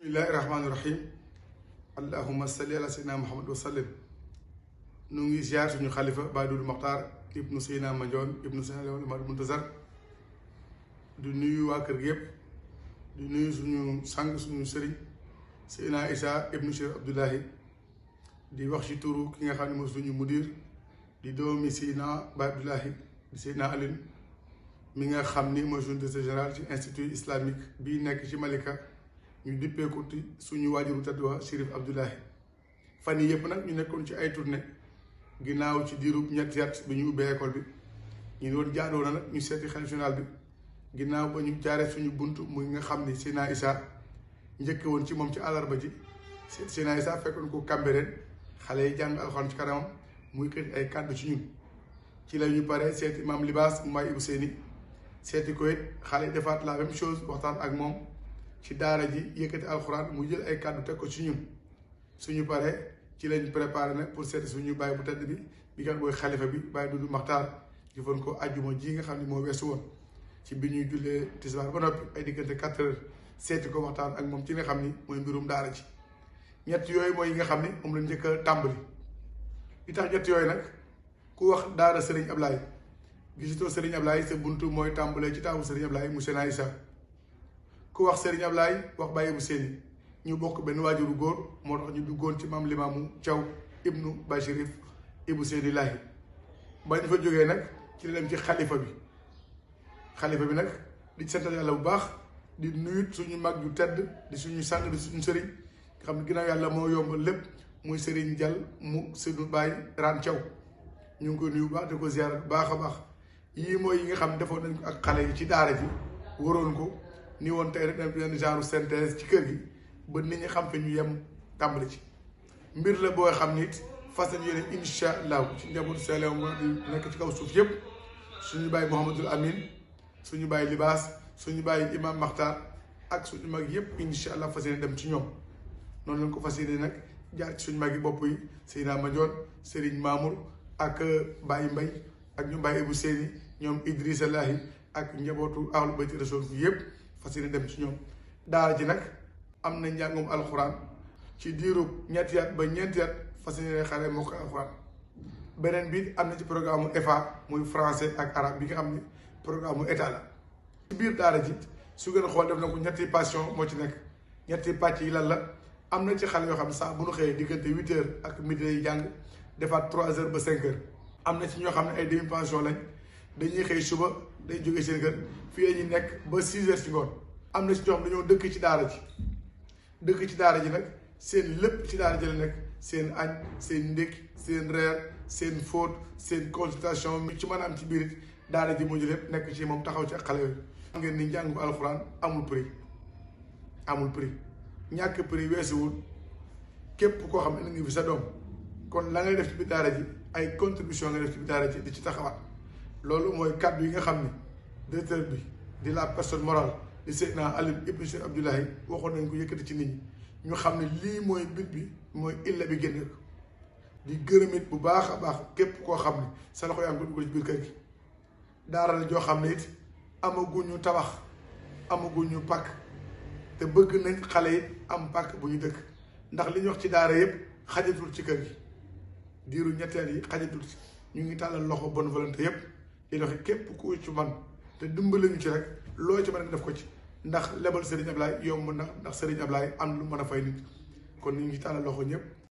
بسم الله الرحمن الرحيم اللهم صل على سيدنا محمد وسلم نوغي زيار سونو خليفه بعد المختار ابن سينا مجون ابن سينا المنتظر منتظر دي نيو وا كير ييب دي نيو سونو سانغ سونو سيرين سينا عيسى ابن شير عبد الله دي واخ سي تورو كيغا خاني مو سونو مدير دي دومي سينا عبد الله سينا علين ميغا خامني مو جون دي جينيرال سي انستيتو اسلاميك بي نيك سي ملكه ñu dippeeku ti suñu waajuru tedd wa Chérif Abdoulahi fan yi yëpp nag ñu nekkoon ci ay tournée ginnaaw ci diirub ñetti at bi ñu ubbee école bi ñu doon na nag ñu seeti xalifa général bi ginnaaw ba ñu jaaree suñu bunt muy nga xam ni Seydina Issa njëkke woon ci moom ci àllarba ji Seydina Issa fekkoon ko Cambérène xale yi jàng alxuraan ci ay kàddu ci ci la ñu paree seeti maam Libaas Mbaye Ibou Seyni ko it xale yi defaat la même chose waxtaan ak moom ci daara ji yëkkati alquran mu jël ay kàddu teg ko ci ñun suñu paree ci lañ préparé nag pour seet suñu bàyyi bu tedd bi bi kat mooy xalifa bi bàyyi dudu maxtaar fon ko ajjuma ji nga xam ne moo weesu woon ci bi ñuy jullee tisbar ba noppi ay diggante 4 heures seeti ko waxtaan ak moom ci nga xam ni mooy mbirum daara ji ñett yooyu mooy yi nga xam ni moom la njëkk tàmbali li tax ñett yooyu nag ku wax daara Serigne Ablaye gisitoo Serigne Ablaye sa buntu mooy tàmbalee ci taawu Serigne Ablaye mu Seydina Issa ku wax Serigne laay wax Baye Ibou Séni ñu bokk benn waajuru góor moo tax ñu duggoon ci maam Limaamu Thiaw ibnu Bachirif Ibou Séni Lahi ba ñu fa jógee nag ci la dem ci xalifa bi xalifa bi nag di santal yàlla bu baax di nuyut suñu mag yu tedd di suñu sàng di suñu sëriñ nga xam ne yàlla moo yombal lépp muy sëriñ jal mu sëriñ Baye Ran Thiaw ñu ngi koy nuyu bu baax di ko ziyaara bu baax a baax yii mooy yi nga xam defoon nañ ko ak xale yi ci daara ji waroon ko ni woon tey rek dañ benn genre synthèse ci kër gi ba nit ñi xam fi ñu yem tàmbali ci mbir la booy xam nit fas nañu yéene incha allah ci njabootu Selew Ngor nekk ci kaw suuf yëpp suñu bàyyi Mouhamadul Amin suñu bàyyi Libaas suñu bàyyi Imam Makhtar ak suñu mag yëpp incha allah fas dem ci ñoom noonu lañ ko fas yéene nag jaar ci suñu mag yi bopp yi Seydina Madione Serigne Mamour ak euh, Baye mbay ak ñu Baye Ibou Seyni ñoom Idrissa Lahi ak njabootu Ahlul Bayti yi yëpp. fas yéene dem ci ñoom daara ji nag am na njàngum alxuraan ci diirub ñetti yaat ba ñeenti at fas yéene xale moo alxuraan beneen bi am na ci programme mu EFA muy français ak arab bi nga am ne programme mu état la. ci biir daara ji su ngeen xool def na ñetti passion moo ci nekk ñetti pàcc yi lan la am na ci xale yoo xam saa bu nu xëyee diggante huit heures ak midi lay jàng defaat trois heures ba cinq heures am na ci ñoo xam ne ay demi pension lañ. dañuy xëy suba day jógee seen kër fii la ñuy nekk ba six heures ci ngoon am na si ñoo dañoo dëkk ci daara ji dëkk ci daara ji nag seen lépp ci daara ji la nekk seen añ seen ndékk seen reer seen fóot seen consultation mi ci mën a am ci biir it daara ji mujj lépp nekk ci moom taxaw ci ak xale yooyu xam ngeen ni njàng bu alxuraan amul prix amul prix ñàkk prix weesuwul képp koo xam ne ngi fi sa doom kon la ngay def ci biir ji ay contribution nga def ci biir di ci taxawaat C'est moy kàddu yi nga bi la personne morale di Ali ibn Cheikh Abdoulaye ko yëkëti ci nit ñi ñu li moy bi moy illa bi di gërëmit bu baax a baax képp koo xam ne sa loxo yaa ngi biir kër gi daara la joo xam amaguñu tabax amaguñu pàkk te bëgg nañ xale am pàkk bu ñu dëkk ndax li ñu wax ci daara yëpp ci kër gi diiru bonne volonté di doxe képp ku ci man te dimbali ñu ci rek loo ci mën def ko ci ndax lebal Serigne Ablaye yomb na ndax Serigne Ablaye am lu mën a fay nit kon ñu ngi tàllal loxo ñëpp.